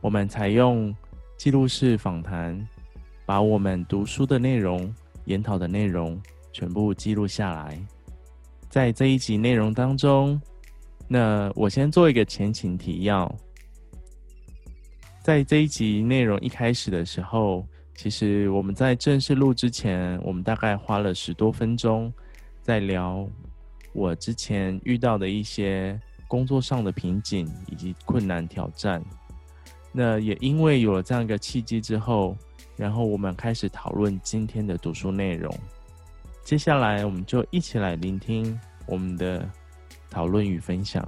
我們採用記錄式訪談，把我們讀書的內容、研討的內容全部記錄下來。在這一集內容當中，那我先做一個前情提要。在這一集內容一開始的時候，其實我們在正式錄之前，我們大概花了十多分鐘在聊我之前遇到的一些工作上的瓶頸以及困難挑戰。那也因為有了這樣一個契機之後，然後我們開始討論今天的讀書內容。接下來，我們就一起來聆聽我們的討論與分享。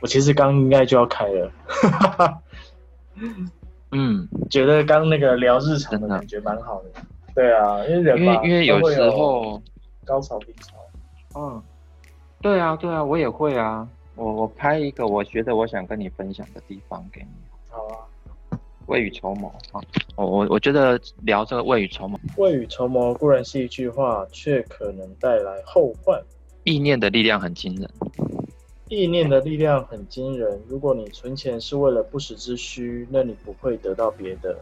我其實剛應該就要開了， 嗯，覺得剛那個聊日常的感覺蠻好的。對啊，因為因為，因為有時候有高潮低潮，嗯，對啊對啊，我也會啊，我我拍一個，我覺得我想跟你分享的地方給你。好啊。未雨綢繆啊，我我我覺得聊這個未雨綢繆。未雨綢繆固然是一句話，卻可能帶來後患。意念的力量很驚人。意念的力量很驚人。如果你存錢是為了不時之需，那你不會得到別的。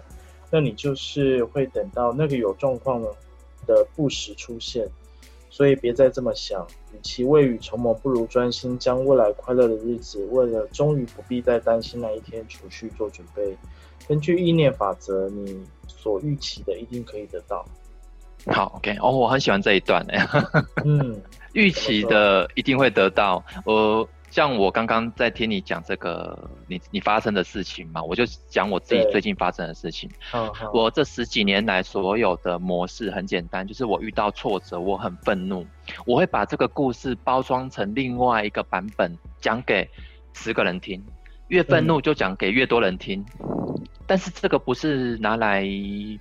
那你就是會等到那個有狀況的不時出現，所以別再這麼想。與其未雨綢繆，不如專心將未來快樂的日子，為了終於不必再擔心那一天儲蓄做準備。根據意念法則，你所預期的一定可以得到。好，OK，哦、oh，我很喜歡這一段 嗯，預期的一定會得到。我、uh…… 像我剛剛在聽你講這個，你你發生的事情嘛，我就講我自己最近發生的事情、嗯嗯。我這十幾年來所有的模式很簡單，就是我遇到挫折，我很憤怒，我會把這個故事包裝成另外一個版本，講給十個人聽。越憤怒就講給越多人聽、嗯，但是這個不是拿來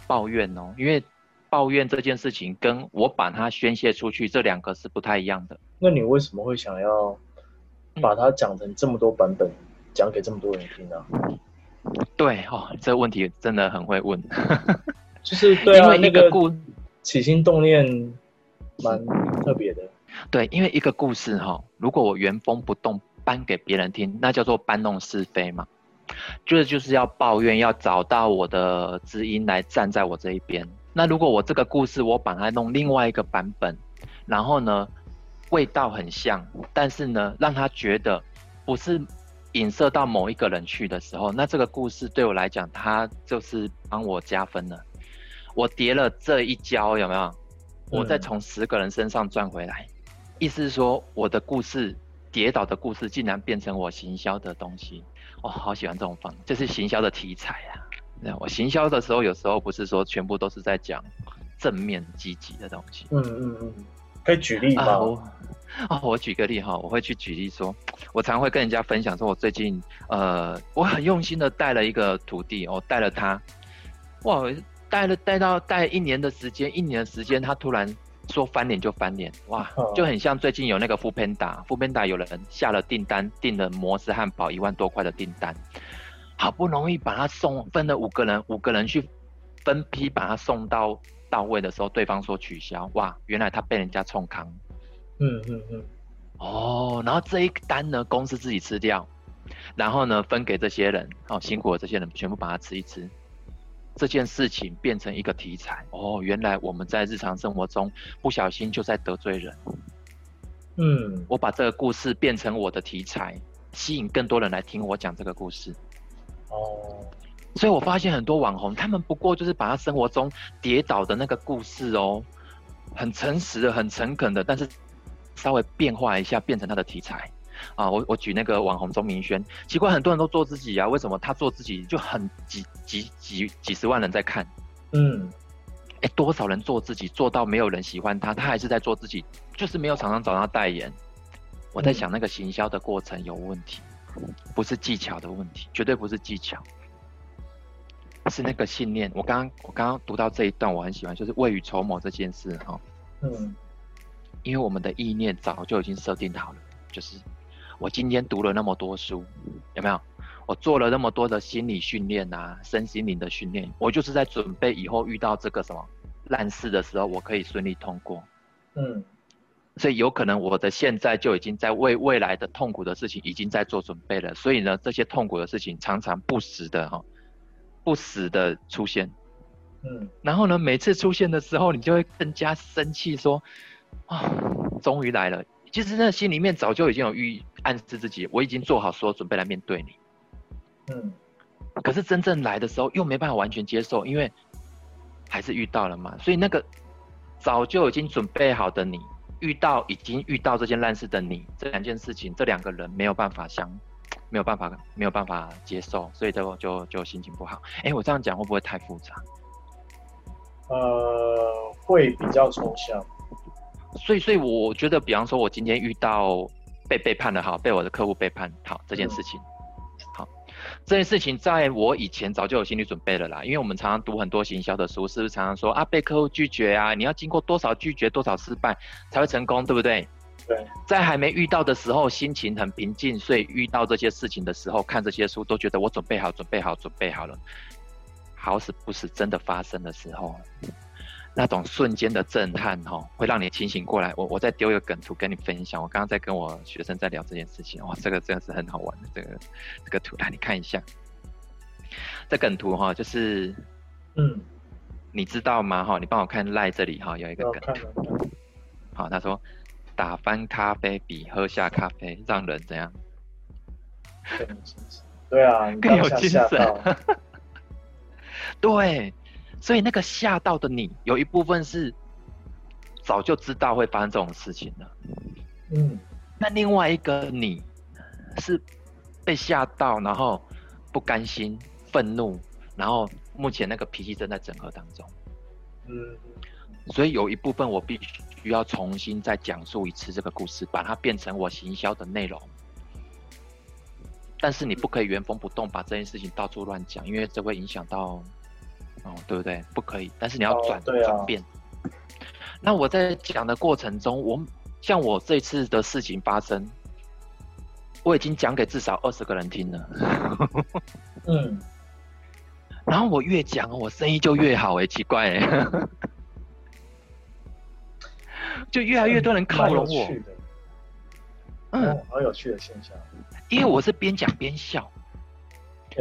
抱怨哦、喔，因為抱怨這件事情跟我把它宣洩出去，這兩個是不太一樣的。那你為什麼會想要？把它講成這麼多版本，講給這麼多人聽啊？對哈、哦，這問題真的很會問。 就是對、啊、因為那個故起心動念蠻特別的。對，因為一個故事哈、哦，如果我原封不動搬給別人聽，那叫做搬弄是非嘛。就是就是要抱怨，要找到我的知音來站在我這一邊。那如果我這個故事我把它弄另外一個版本，然後呢？味道很像，但是呢，讓他覺得不是影射到某一個人去的時候，那這個故事對我來講，它就是幫我加分了。我跌了這一跤有沒有？嗯、我再從十個人身上賺回來，意思是說，我的故事跌倒的故事，竟然變成我行銷的東西。我好喜歡這種方法，這、就是行銷的題材啊。那我行銷的時候，有時候不是說全部都是在講正面積極的東西。嗯嗯嗯。可以舉例啊我，我舉個例哈，我會去舉例說，我常會跟人家分享說，我最近呃，我很用心的帶了一個徒弟哦，我帶了他，哇，帶了帶到帶一年的時間，一年的時間，他突然說翻臉就翻臉，哇，嗯、就很像最近有那個富胖達，富胖達有人下了訂單，訂了摩斯漢堡一萬多塊的訂單，好不容易把他送，分了五個人，五個人去分批把他送到。到位的時候，對方說取消。哇，原來他被人家沖康。嗯嗯嗯。哦，然後這一單呢，公司自己吃掉，然後呢分給這些人，好、哦、辛苦了這些人，全部把它吃一吃。這件事情變成一個題材。哦，原來我們在日常生活中不小心就在得罪人。嗯，我把這個故事變成我的題材，吸引更多人來聽我講這個故事。哦。所以我發現很多網紅，他們不過就是把他生活中跌倒的那個故事哦，很誠實的、很誠懇的，但是稍微變化一下，變成他的題材啊。我我舉那個網紅鍾明軒，奇怪，很多人都做自己啊，為什麼他做自己就很幾幾幾幾十萬人在看？嗯，哎、欸，多少人做自己做到沒有人喜歡他，他還是在做自己，就是沒有常常找他代言。嗯、我在想那個行銷的過程有問題，不是技巧的問題，絕對不是技巧。是那個信念。我剛剛我剛剛讀到這一段，我很喜歡，就是未雨綢繆這件事哈、哦。嗯，因為我們的意念早就已經設定好了，就是我今天讀了那麼多書，有沒有？我做了那麼多的心理訓練啊，身心靈的訓練，我就是在準備以後遇到這個什麼爛事的時候，我可以順利通過。嗯，所以有可能我的現在就已經在為未來的痛苦的事情已經在做準備了。所以呢，這些痛苦的事情常常不時的哈、哦。不時的出現，嗯，然後呢，每次出現的時候，你就會更加生氣，說：“啊，終於來了！”其實，那心裡面早就已經有預暗示自己，我已經做好所有準備來面對你，嗯。可是真正來的時候，又沒辦法完全接受，因為還是遇到了嘛。所以，那個早就已經準備好的你，遇到已經遇到這件爛事的你，這兩件事情，這兩個人沒有辦法相。沒有辦法，沒有辦法接受，所以就就就心情不好。哎，我這樣講會不會太複雜？呃，會比較抽象。所以，所以我覺得，比方說，我今天遇到被背叛的，好，被我的客戶背叛，好，這件事情，嗯、好這件事情，在我以前早就有心理準備了啦。因為我們常常讀很多行銷的書，是不是常常說啊，被客戶拒絕啊，你要經過多少拒絕、多少失敗才會成功，對不對？在還沒遇到的時候，心情很平靜，所以遇到這些事情的時候，看這些書都覺得我準備好、準備好、準備好了。好死不死，真的發生的時候，那種瞬間的震撼哈，會讓你清醒過來。我我再丟一個梗圖跟你分享，我剛剛在跟我學生在聊這件事情哇，這個真的是很好玩的，這個這個圖來，你看一下。這梗圖哈，就是嗯，你知道嗎？哈，你幫我看賴這裡哈，有一個梗圖看看。好，他說。打翻咖啡比喝下咖啡，讓人怎樣？更有精神。對啊，更有精神。 對，所以那個嚇到的你，有一部分是早就知道會發生這種事情的。嗯。那另外一個你是被嚇到，然後不甘心、憤怒，然後目前那個脾氣正在整合當中。嗯。所以有一部分我必須。需要重新再講述一次這個故事，把它變成我行銷的內容。但是你不可以原封不動把這件事情到處亂講，因為這會影響到，哦，對不對？不可以。但是你要轉方便、哦、對啊。那我在講的過程中，我像我這次的事情發生，我已經講給至少二十個人聽了。嗯。然後我越講，我生意就越好誒、欸，奇怪、欸。 就越來越多人靠攏我。嗯，好有趣的現象。因為我是邊講邊笑。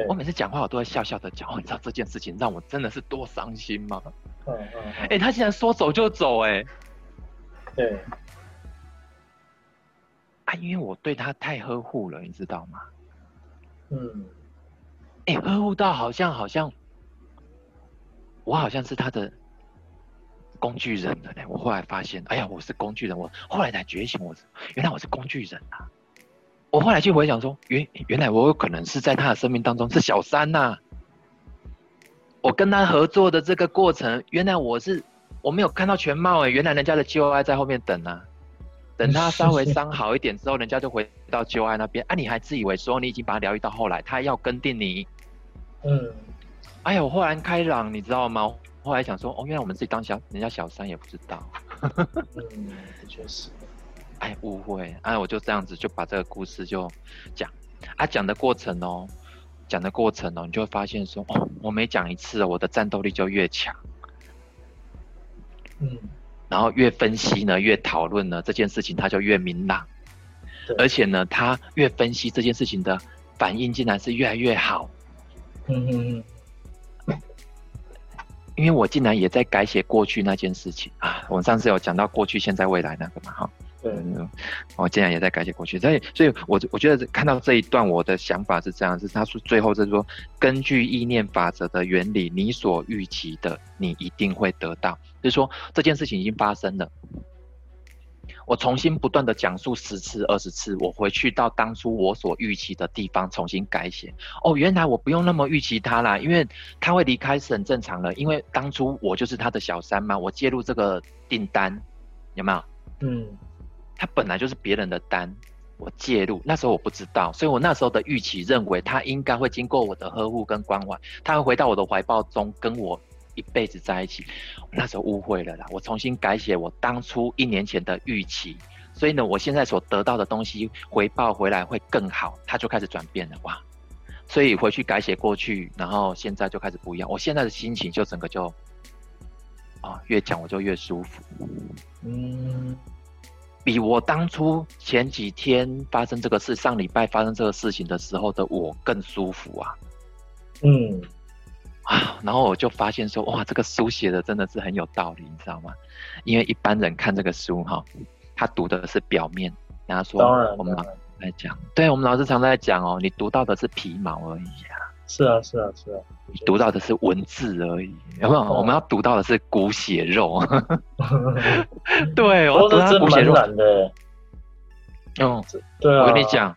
我每次講話我都會笑笑的講，你知道這件事情讓我真的是多傷心嗎？嗯。哎，他竟然說走就走，哎。對。啊，因為我對他太呵護了，你知道嗎？嗯。哎，呵護到好像好像，我好像是他的。工具人了呢、欸，我後來發現，哎呀，我是工具人。我後來才覺醒我，我原來我是工具人啊！我後來就回想說，原原來我有可能是在他的生命當中是小三吶、啊。我跟他合作的這個過程，原來我是我沒有看到全貌誒、欸。原來人家的 O I 在後面等啊，等他稍微傷好一點之後，人家就回到 O I 那邊。哎、啊，你還自以為說你已經把他療癒到後來，他要跟定你。嗯，哎呀，我豁然開朗，你知道嗎？後來想說，哦，原來我們自己當小人家小三也不知道，確實、嗯就是，哎，誤會，哎、啊，我就這樣子就把這個故事就講啊，講的過程哦，講的過程哦，你就會發現說，哦，我每講一次，我的戰鬥力就越強，嗯，然後越分析呢，越討論呢，這件事情它就越明朗，而且呢，他越分析這件事情的反應，竟然是越來越好，嗯嗯嗯。因為我竟然也在改寫過去那件事情啊！我上次有講到過去、現在、未來那個嘛，哈。對，我竟然也在改寫過去。所以，所以，我我覺得看到這一段，我的想法是這樣子：他說最後就是說，根據意念法則的原理，你所預期的，你一定會得到。就是說這件事情已經發生了。我重新不斷地講述十次、二十次，我回去到當初我所預期的地方重新改寫。哦，原來我不用那麼預期他啦，因為他會離開是很正常的。因為當初我就是他的小三嘛，我介入這個訂單，有沒有？嗯，他本來就是別人的單，我介入，那時候我不知道，所以我那時候的預期認為他應該會經過我的呵護跟關懷，他會回到我的懷抱中跟我。一輩子在一起，那時候誤會了啦。我重新改寫我當初一年前的預期，所以呢，我現在所得到的東西回報回來會更好。它就開始轉變了哇！所以回去改寫過去，然後現在就開始不一樣。我現在的心情就整個就啊，越講我就越舒服。嗯，比我當初前幾天發生這個事，上禮拜發生這個事情的時候的我更舒服啊。嗯。啊，然後我就發現說，哇，這個書寫的真的是很有道理，你知道嗎？因為一般人看這個書哈、哦，他讀的是表面。然後說，當然，當然。我們老師常在講。對，我們老師常在講哦，你讀到的是皮毛而已啊。是啊，是啊，是啊。是啊，你讀到的是文字而已，有沒有？哦、我們要讀到的是骨血肉。 對，我讀的是骨血肉。嗯，對啊。我跟你講。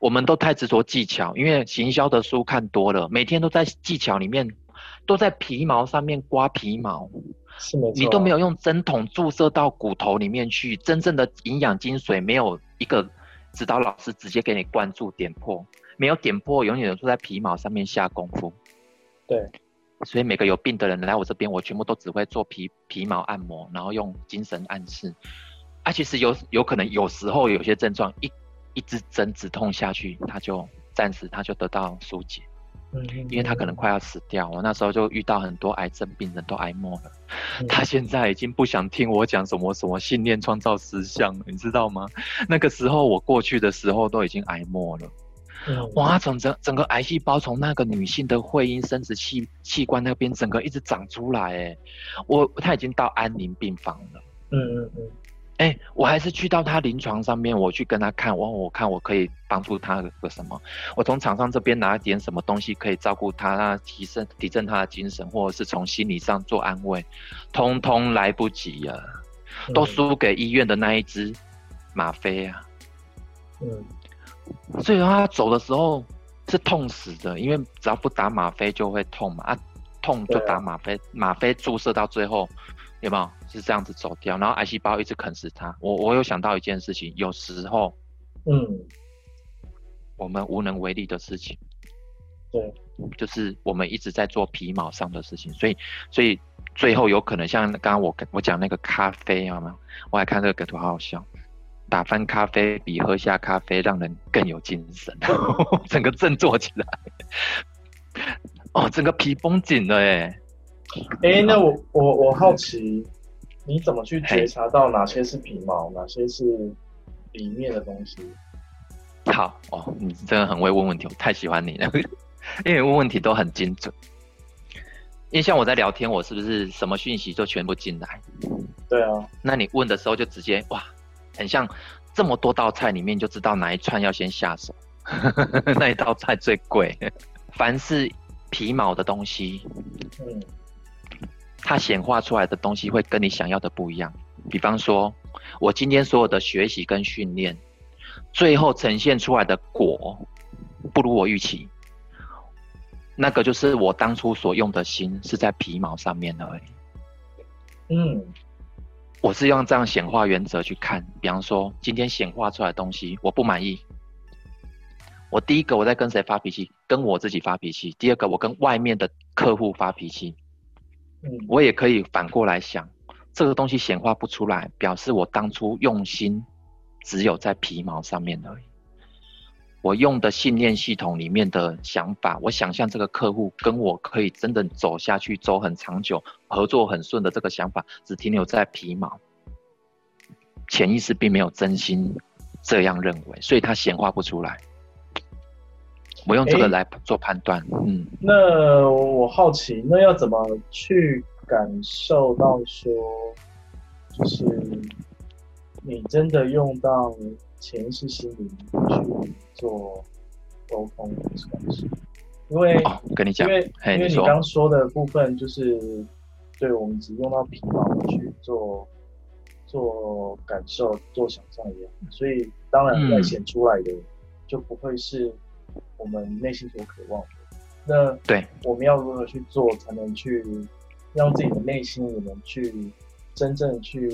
我們都太執着技巧，因為行銷的書看多了，每天都在技巧裡面，都在皮毛上面刮皮毛，是沒錯啊，你都沒有用針筒注射到骨頭裡面去，真正的營養精髓，沒有一個指導老師直接給你關注點破。沒有點破，永遠都在皮毛上面下功夫。對，所以每個有病的人來我這邊，我全部都只會做皮皮毛按摩，然後用精神暗示。啊，其實有有可能有時候有些症狀一。一直針止痛下去，他就暫時他就得到疏解嗯，嗯，因為他可能快要死掉。我那時候就遇到很多癌症病人都癌末了、嗯嗯，他現在已經不想聽我講什麼什麼信念創造思想、嗯，你知道嗎？那個時候我過去的時候都已經癌末了、嗯嗯，哇，整整個癌細胞從那個女性的會陰生殖器器官那邊整個一直長出來，誒，我他已經到安寧病房了，嗯嗯嗯。嗯哎、欸，我還是去到他臨床上面，我去跟他看，哇，我看我可以幫助他個什麼？我從廠商這邊拿一點什麼東西可以照顧他，他提，提升提振他的精神，或者是從心理上做安慰，通通來不及啊，都輸給醫院的那一支嗎啡啊。嗯，所以他走的時候是痛死的，因為只要不打嗎啡就會痛嘛，啊，痛就打嗎啡，嗎啡、啊、注射到最後。有沒有是這樣子走掉，然後癌細胞一直啃食它？我我有想到一件事情，有時候，嗯，我們無能為力的事情，對，就是我們一直在做皮毛上的事情，所以所以最後有可能像剛剛我我講那個咖啡嗎？我還看這個梗圖，好好笑，打翻咖啡比喝下咖啡讓人更有精神， 整個振作起來， 哦，整個皮繃緊了哎。誒、欸，那我我我好奇，嗯，你怎麼去覺察到哪些是皮毛，哪些是裡面的東西？好哦，你真的很會問問題，我太喜歡你了，因為問問題都很精準。因為像我在聊天，我是不是什麼訊息就全部進來？對啊。那你問的時候就直接哇，很像這麼多道菜裡面就知道哪一串要先下手， 那一道菜最貴。凡是皮毛的東西，嗯。它顯化出來的東西會跟你想要的不一樣。比方說，我今天所有的學習跟訓練，最後呈現出來的果，不如我預期，那個就是我當初所用的心是在皮毛上面而已。嗯，我是用這樣顯化原則去看。比方說，今天顯化出來的東西我不滿意，我第一個我在跟誰發脾氣？跟我自己發脾氣。第二個我跟外面的客戶發脾氣。我也可以反過來想，這個東西顯化不出來，表示我當初用心只有在皮毛上面而已。我用的信念系統裡面的想法，我想象這個客戶跟我可以真的走下去，走很長久，合作很順的這個想法，只停留在皮毛，潛意識並沒有真心這樣認為，所以他顯化不出來。我用這個來做判斷、欸，嗯。那我好奇，那要怎麼去感受到說，就是你真的用到前世心靈去做溝通還是什麼？因為、哦、我跟你講，因為你剛說的部分就是，對我們只用到皮毛去做做感受、做想象一樣，所以當然展現、嗯、出來的就不會是。我們內心所渴望的。那對我們要如何去做，才能去讓自己的內心我們去真正去，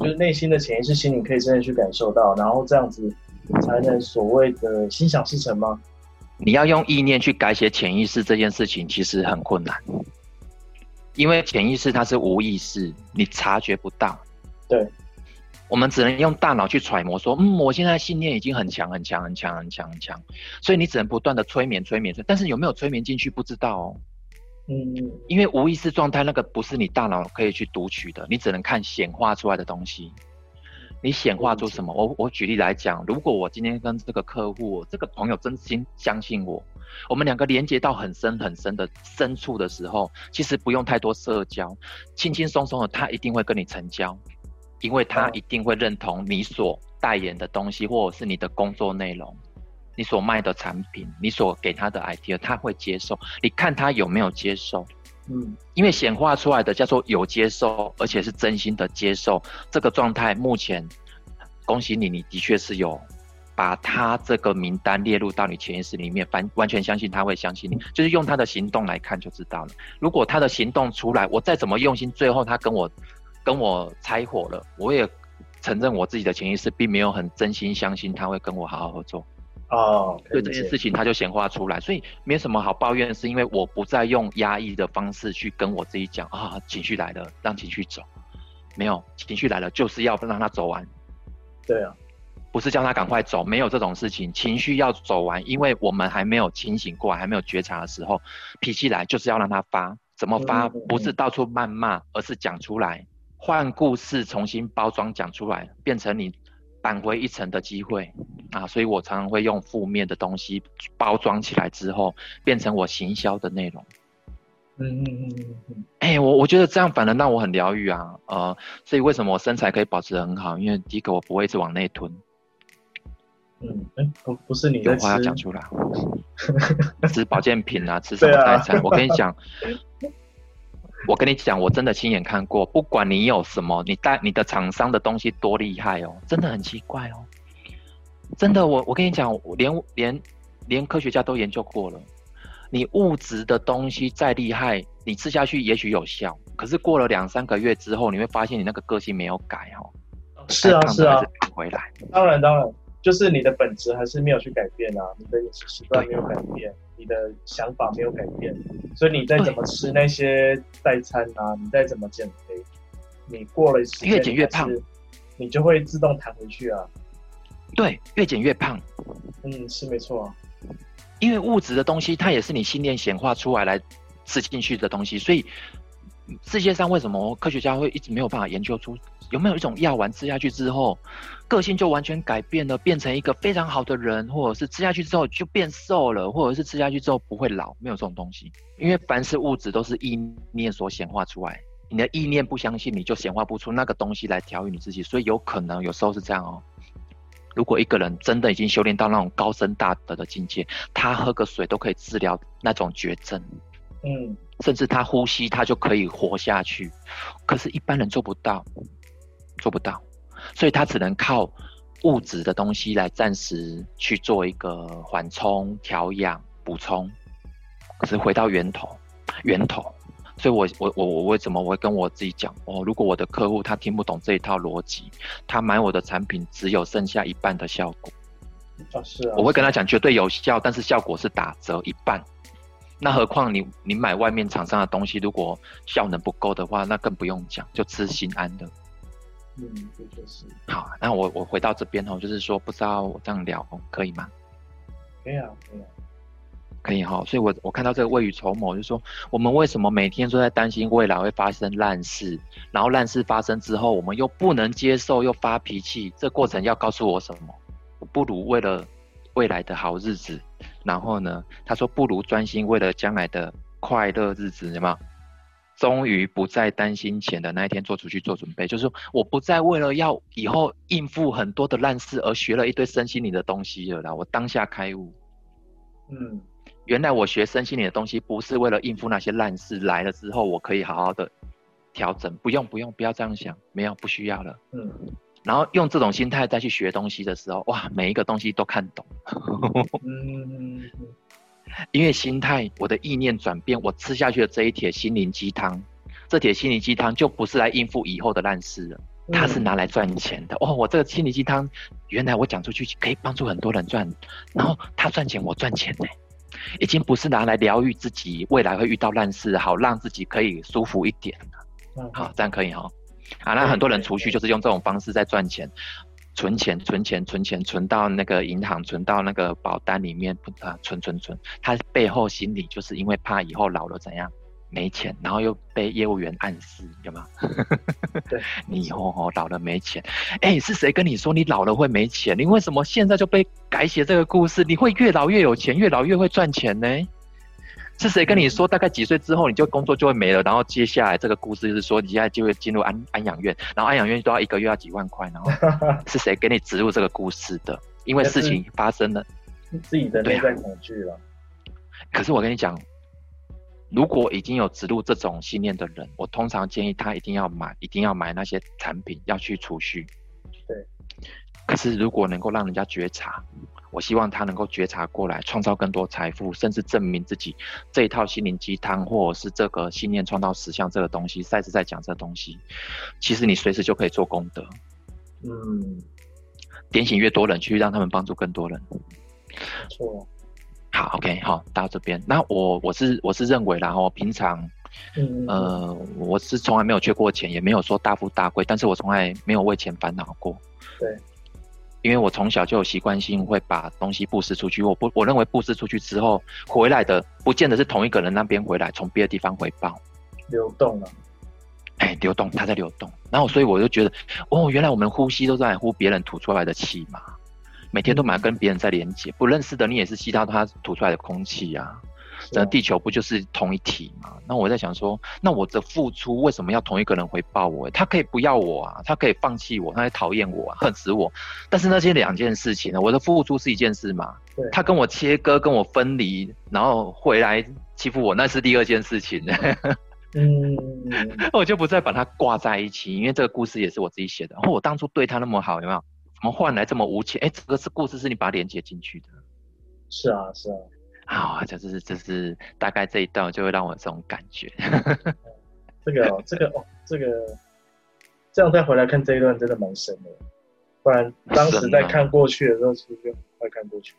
就是內心的潛意識心理可以真正去感受到，然後這樣子才能所謂的心想事成嗎？你要用意念去改寫潛意識這件事情，其實很困難，因為潛意識它是無意識，你察覺不到。對。我們只能用大腦去揣摩，說，嗯，我現在信念已經很強，很強，很強，很強，很強，所以你只能不斷地催眠，催眠，但是有沒有催眠進去不知道哦，嗯，因為無意識狀態那個不是你大腦可以去讀取的，你只能看顯化出來的東西，你顯化出什麼？我我舉例來講，如果我今天跟這個客戶，這個朋友真心相信我，我們兩個連接到很深很深的深處的時候，其實不用太多社交，輕輕松松的，他一定會跟你成交。因為他一定會認同你所代言的東西、嗯，或者是你的工作內容，你所賣的產品，你所給他的 idea，他會接受。你看他有沒有接受？嗯，因為顯化出來的叫做有接受，而且是真心的接受。這個狀態目前，恭喜你，你的確是有把他這個名單列入到你潛意識裡面，完完全相信他會相信你，就是用他的行動來看就知道了。如果他的行動出來，我再怎麼用心，最後他跟我。跟我拆夥了，我也承認我自己的潛意識並沒有很真心相信他會跟我好好合作。哦，對這件事情他就顯化出來、嗯，所以沒有什麼好抱怨的，是因為我不再用壓抑的方式去跟我自己講啊，情緒來了讓情緒走，沒有情緒來了就是要讓他走完。對啊，不是叫他趕快走，沒有這種事情，情緒要走完，因為我們還沒有清醒過來，還沒有覺察的時候，脾氣來就是要讓他發，怎麼發不是到處謾罵、嗯嗯，而是講出來。換故事重新包裝講出來，變成你返回一層的機會啊！所以我常常會用負面的東西包裝起來之後，變成我行銷的內容。嗯嗯嗯嗯，哎、嗯嗯欸，我我覺得這樣反而讓我很療癒啊。呃，所以為什麼我身材可以保持得很好？因為第一個我不會一直往內吞。嗯，哎、欸，不不是你的有話要講出來。 吃保健品啊，吃什麼代餐、啊？我跟你講。 我跟你講，我真的親眼看過，不管你有什麼，你帶你的廠商的東西多厲害哦，真的很奇怪哦。真的，我我跟你講，我連連連科學家都研究過了，你物質的東西再厲害，你吃下去也許有效，可是過了兩三個月之後，你會發現你那個個性沒有改哦。是啊，是啊，剛剛一直回來。當然，當然，就是你的本質還是沒有去改變啊，你的飲食習慣沒有改變，你的想法沒有改變，所以你再怎麼吃那些代餐啊，你再怎麼減肥，你過了一段時間，越減越胖你，你就會自動彈回去啊。對，越減越胖。嗯，是沒錯啊。因為物質的東西，它也是你心念顯化出來來吃進去的東西，所以世界上為什麼科學家會一直沒有辦法研究出？有沒有一種藥丸吃下去之後，個性就完全改變了，變成一個非常好的人，或者是吃下去之後就變瘦了，或者是吃下去之後不會老？沒有這種東西，因為凡是物質都是意念所顯化出來，你的意念不相信，你就顯化不出那個東西來調癒你自己。所以有可能有時候是這樣哦。如果一個人真的已經修煉到那種高深大德的境界，他喝個水都可以治療那種絕症，嗯，甚至他呼吸他就可以活下去，可是，一般人做不到。做不到，所以他只能靠物質的東西來暫時去做一個緩衝、調養、補充，可是回到源頭，源頭。所以我我我我為什麼我會跟我自己講哦？如果我的客戶他聽不懂這一套邏輯，他買我的產品只有剩下一半的效果。啊，是啊，是啊。我會跟他講絕對有效，但是效果是打折一半。那何況你你買外面廠商的東西，如果效能不夠的話，那更不用講，就吃心安的。嗯，這就是好。那我我回到這邊哦，就是說，不知道我這樣聊可以嗎？可以啊，可以，啊，可以哈、哦。所以我，我我看到這個未雨綢繆，就說我們為什麼每天都在擔心未來會發生爛事，然後爛事發生之後，我們又不能接受，又發脾氣。這過程要告訴我什麼？我不如為了未來的好日子，然後呢？他說，不如專心為了將來的快樂日子，對嗎？終於不再擔心錢的那一天，做出去做準備，就是說，我不再為了要以後應付很多的爛事而學了一堆身心靈的東西了啦。我當下開悟，嗯，原來我學身心靈的東西不是為了應付那些爛事來了之後，我可以好好的調整。不用，不用，不要這樣想，沒有，不需要了。嗯，然後用這種心態再去學東西的時候，哇，每一個東西都看懂。 嗯。嗯嗯嗯因為心態，我的意念轉變，我吃下去的這一帖心靈雞湯，這帖心靈雞湯就不是來應付以後的爛事了，它是拿來賺錢的。哦，我這個心靈雞湯，原來我講出去可以幫助很多人賺，然後他賺錢，我賺錢呢、欸，已經不是拿來療癒自己，未來會遇到爛事，好讓自己可以舒服一點了。好，這樣可以哈、哦，啊，那很多人儲蓄就是用這種方式在賺錢。存錢，存錢，存錢，存到那個銀行，存到那個保單裡面，不存存存。他背後心裡就是因為怕以後老了怎樣沒錢，然後又被業務員暗示，有嗎？ 你以後、哦、老了沒錢，哎、欸，是誰跟你說你老了會沒錢？你為什麼現在就被改寫這個故事？你會越老越有錢，越老越會賺錢呢？是誰跟你說大概幾歲之後你就工作就會沒了？然後接下來這個故事就是說你現在就會進入安安養院，然後安養院都要一個月要幾萬塊，然後是誰給你植入這個故事的？因為事情發生了，你自己的內在恐懼了、啊啊。可是我跟你講，如果已經有植入這種信念的人，我通常建議他一定要買，一定要買那些產品要去儲蓄。對。可是如果能夠讓人家覺察。我希望他能夠覺察過來，創造更多財富，甚至證明自己這一套心靈雞湯，或者是這個信念創造實相這個東西。賽斯在講這個東西，其實你隨時就可以做功德。嗯，點醒越多人去讓他們幫助更多人。沒錯。好，OK，好，到這邊。那我我是我是認為，然後平常、嗯，呃，我是從來沒有缺過錢，也沒有說大富大貴，但是我從來沒有為錢煩惱過。對。因為我從小就有習慣性會把東西布施出去，我不我認為布施出去之後回來的不見得是同一個人那邊回來，從別的地方回報，流動啊，哎、欸，流動，它在流動。然後所以我就覺得，哦，原來我們呼吸都在呼別人吐出來的氣嘛，每天都蠻跟別人在連接，不認識的你也是吸到他吐出來的空氣啊。啊、整個地球不就是同一體嘛？那我在想說，那我的付出為什麼要同一個人回報我？他可以不要我啊，他可以放棄我，他可以討厭我，啊，恨死我。但是那些兩件事情呢，啊？我的付出是一件事嘛？啊，他跟我切割，跟我分離，然後回來欺負我，那是第二件事情 嗯。嗯，我就不再把它掛在一起，因為這個故事也是我自己寫的。然後我當初對他那麼好，有沒有？怎麼換來這麼無情？哎，這個是故事，是你把它連接進去的。是啊，是啊。好、啊，就是這、就是大概這一段就會讓我這種感覺。 這個哦、這個，這個哦，這個，這樣再回來看這一段，真的蠻神的。不然當時在看過去的時候，其實就很快看過去。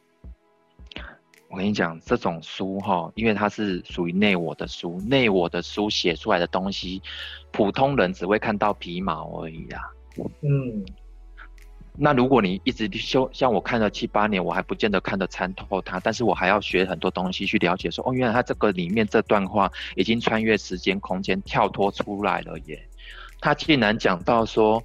啊、我跟你講，這種書哈，因為它是屬於內我的書，內我的書寫出來的東西，普通人只會看到皮毛而已啊。嗯。那如果你一直修，像我看了七八年，我還不見得看得參透它，但是我還要學很多東西去了解說。說哦，原來它這個裡面這段話已經穿越時間空間跳脫出來了耶！它竟然講到說，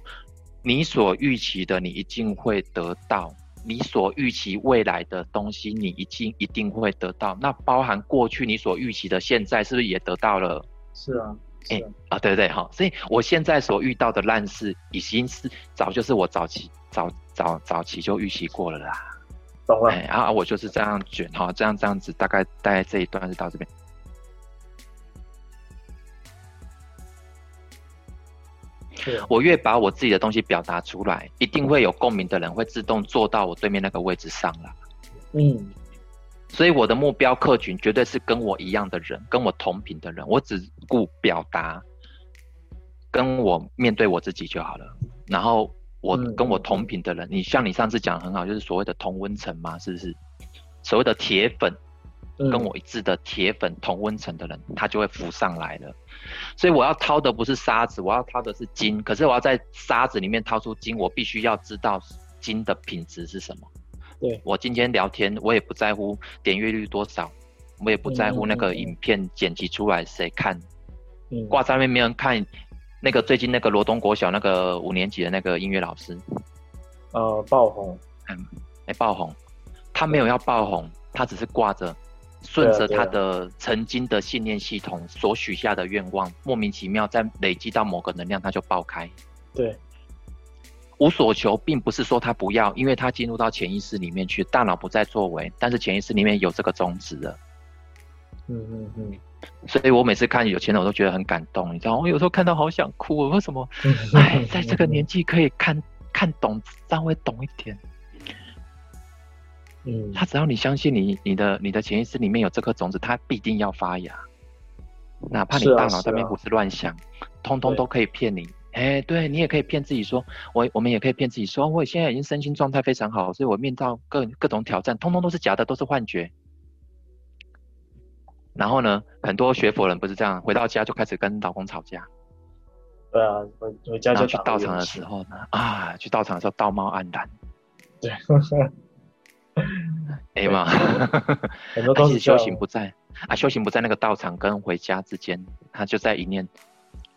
你所預期的，你一定會得到；你所預期未來的東西，你一定一定會得到。那包含過去你所預期的，現在是不是也得到了？是啊，誒、啊欸啊，啊，對對對，哈！所以我現在所遇到的爛事，已經是早就是我早期。早早早期就預習過了啦，懂了。然後、哎啊、我就是這樣捲，哈、啊，這樣這樣子，大概大概這一段是到這邊、嗯。我越把我自己的東西表達出來，一定會有共鳴的人會自動坐到我對面那個位置上了。嗯，所以我的目標客群絕對是跟我一樣的人，跟我同頻的人。我只顧表達，跟我面對我自己就好了，然後。我跟我同頻的人，嗯嗯、你像你上次講的很好，就是所謂的同溫層嘛，是不是？所謂的鐵粉，嗯，跟我一致的鐵粉同溫層的人，他就會浮上來了。所以我要掏的不是沙子，我要掏的是金。可是我要在沙子裡面掏出金，我必須要知道金的品質是什麼？對，我今天聊天，我也不在乎點閱率多少，我也不在乎那個影片剪輯出來誰看，掛、嗯嗯、上面沒人看。那個最近那個羅東國小那個五年級的那個音樂老師，呃，爆紅，誒、嗯哎，爆紅，他沒有要爆紅，他只是掛着，順着他的曾經的信念系統所許下的願望，莫名其妙在累積到某個能量，他就爆開。對，無所求，並不是說他不要，因為他進入到潛意識裡面去，大腦不再作為，但是潛意識裡面有這個種子的。嗯嗯嗯。嗯所以我每次看有錢人，我都覺得很感動，你知道我、哦、有時候看到好想哭、哦，為什麼？哎， 在這個年紀可以看看懂，稍微懂一點。嗯，他只要你相信你，你的你的潛意識裡面有這顆種子，它必定要發芽。哪怕你大腦這邊胡思亂想、啊啊，通通都可以騙你。哎、欸，對你也可以騙自己說，我我們也可以騙自己說，我現在已經身心狀態非常好，所以我面對各各，各種挑戰，通通都是假的，都是幻覺。然後呢，很多學佛人不是這樣，回到家就開始跟老公吵架。對啊，回回家就去道場的時候呢、啊，啊，去道場的時候道貌岸然。對。哎、欸、呀、欸，很多東西修行、啊、不在啊，修行不在那個道場跟回家之間，他、啊、就在一念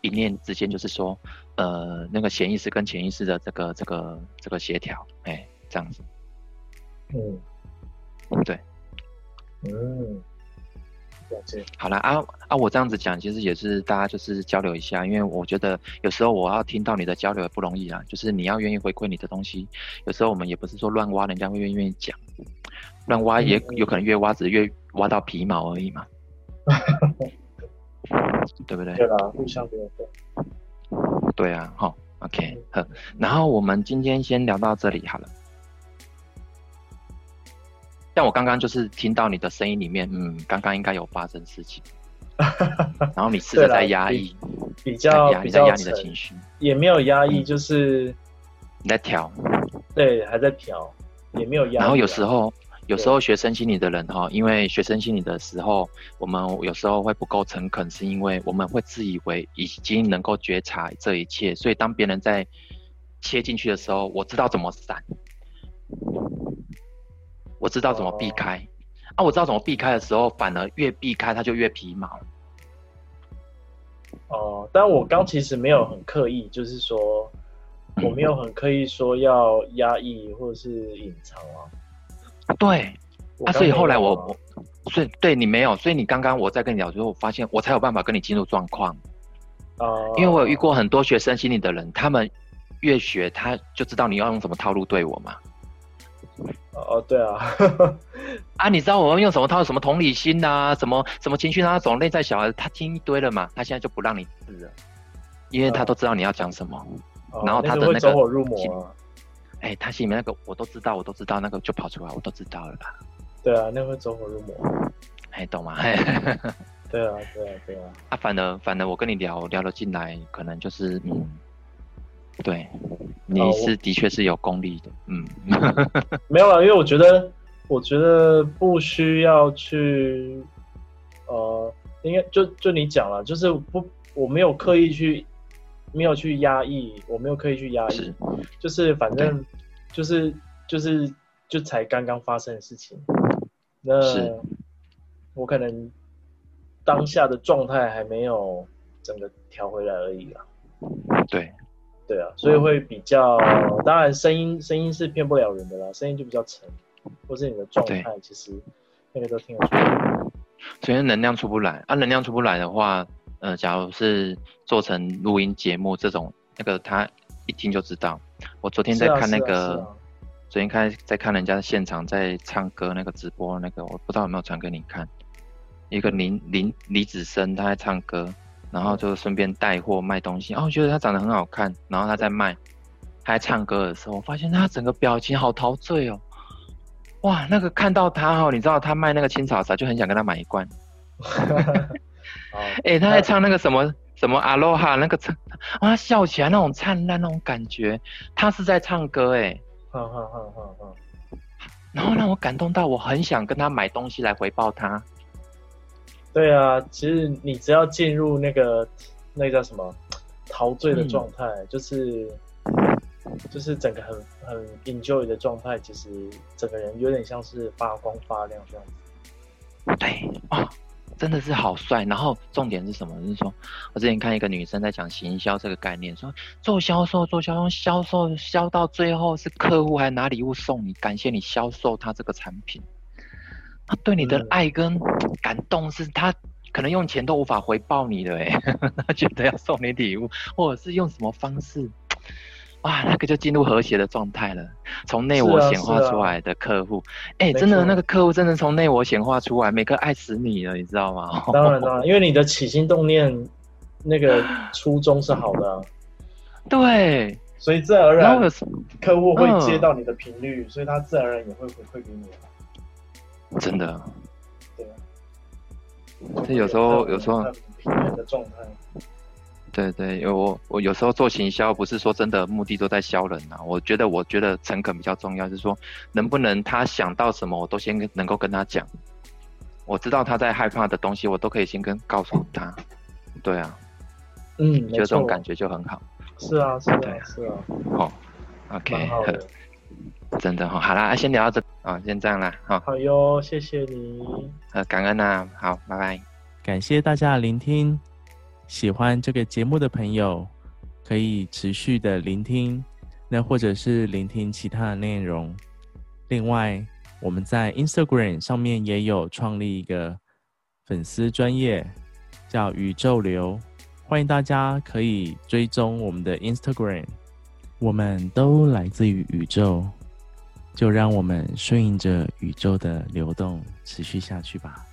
一念之間，就是說，呃，那個潛意識跟潛意識的這個這個這個協調，哎、欸，這樣子。嗯。對。嗯。好啦，啊，啊！我這樣子講，其實也是大家就是交流一下，因為我覺得有時候我要聽到你的交流也不容易啊，就是你要願意回饋你的東西，有時候我們也不是說亂挖，人家會願意願意講，亂挖也有可能越挖只越挖到皮毛而已嘛，嗯嗯、對不對？對啊，相對啊，好，OK，好、嗯，然後我們今天先聊到這裡，好了。像我剛剛就是聽到你的聲音裡面，嗯，剛剛應該有發生事情， 然後你試着在壓抑， 比較，在壓，比較在壓你的情緒，也沒有壓抑，就是你在調，對，還在調，也沒有壓抑。然後有時候，有時候學生心理的人哈，因為學生心理的時候，我們有時候會不夠誠懇，是因為我們會自以為已經能夠覺察這一切，所以當別人在切進去的時候，我知道怎麼閃。我知道怎麼避開啊，啊！我知道怎麼避開的時候，反而越避開他就越皮毛。哦、啊，但我剛其實沒有很刻意，嗯、就是說我沒有很刻意說要壓抑或者是隱藏啊。啊對，啊、所以後來我我所以對你沒有，所以你剛剛我在跟你聊的時候，我發現我才有辦法跟你進入狀況。哦、啊，因為我有遇過很多學生心理的人，他們越學他就知道你要用什麼套路對我嘛。哦，哦，對啊， 啊，你知道我們用什麼？他有什麼同理心吶、啊？什麼什麼情緒那種內在小孩，他聽一堆了嘛？他現在就不讓你治了，因為他都知道你要講什麼。哦、然後他的那個，哎、哦，他心、欸、心裡面那個，我都知道，我都知道，那個就跑出來，我都知道了吧。對啊，那會走火入魔。哎，懂嗎？ 對、啊？對啊，對啊，對啊。啊，反而反而，我跟你聊聊了進來，可能就是嗯。對，你是的確是有功力的，嗯、呃，沒有啦，因為我覺得，我覺得不需要去，呃，應該就就你講了，就是不，我沒有刻意去，沒有去壓抑，我沒有刻意去壓抑，就是反正就是就是、就是、就才剛剛發生的事情，那我可能當下的狀態還沒有整個調回來而已啦，對。對啊，所以會比較，呃、當然聲音聲音是騙不了人的啦，聲音就比較沉，或是你的狀態，其實那個都聽得出來。首先能量出不來，啊，能量出不來的話，呃，假如是做成錄音節目這種，那個他一聽就知道。我昨天在看那個，啊啊啊、昨天看在看人家現場在唱歌那個直播那個，我不知道有沒有傳給你看，一個林林李子森，他在唱歌。然後就順便帶貨賣東西，哦，我覺得他長得很好看。然後他在賣，他在唱歌的時候，我發現他整個表情好陶醉哦，哇，那個看到他哈、哦，你知道他賣那個青草茶，就很想跟他買一罐。哎、 欸，他在唱那個什麼 什麼阿羅哈，那個唱，哇、哦，他笑起來那種燦爛那種感覺，他是在唱歌哎， 然後讓我感動到我很想跟他買東西來回報他。對啊，其實你只要進入那個，那個叫什麼，陶醉的狀態，嗯、就是就是整個很很 enjoy 的狀態，其實整個人有點像是發光發亮這樣子。對啊、哦，真的是好帥。然後重點是什麼？就是說我之前看一個女生在講行銷這個概念，說做銷售、做銷售銷售銷到最後是客戶還拿禮物送你，感謝你銷售他這個產品。他對你的愛跟感動，是他可能用錢都無法回報你的哎、欸，他 覺得要送你禮物，或者是用什麼方式，哇，那個就進入和諧的狀態了。從內我顯化出來的客戶，哎、啊啊欸，真的那個客戶真的從內我顯化出來，每個愛死你了，你知道嗎？當然當然、啊， 因為你的起心動念那個初衷是好的、啊，對，所以自然而然客戶會接到你的頻率、嗯，所以他自然而然也會回饋給你。真的、啊，對、啊，這有時候有時候，時候對對，因為我我有時候做行銷，不是說真的目的都在銷人啊。我覺得我覺得誠懇比較重要，就是說能不能他想到什麼，我都先跟能夠跟他講。我知道他在害怕的東西，我都可以先跟告訴他。嗯、對啊，嗯，就這種感覺就很好。嗯、是，啊，是啊，啊，是啊，是啊。哦、okay, 好，OK，真的哦，好啦，先聊到這哦，先這樣啦，好，好喲，謝謝你。呃，感恩啊，好，拜拜，感謝大家的聆聽，喜歡這個節目的朋友可以持續的聆聽，那或者是聆聽其他的內容，另外我們在 Instagram 上面也有創立一個粉絲專頁叫宇宙流，歡迎大家可以追蹤我們的 Instagram，我們都來自於宇宙。就讓我們順應着宇宙的流動，持續下去吧。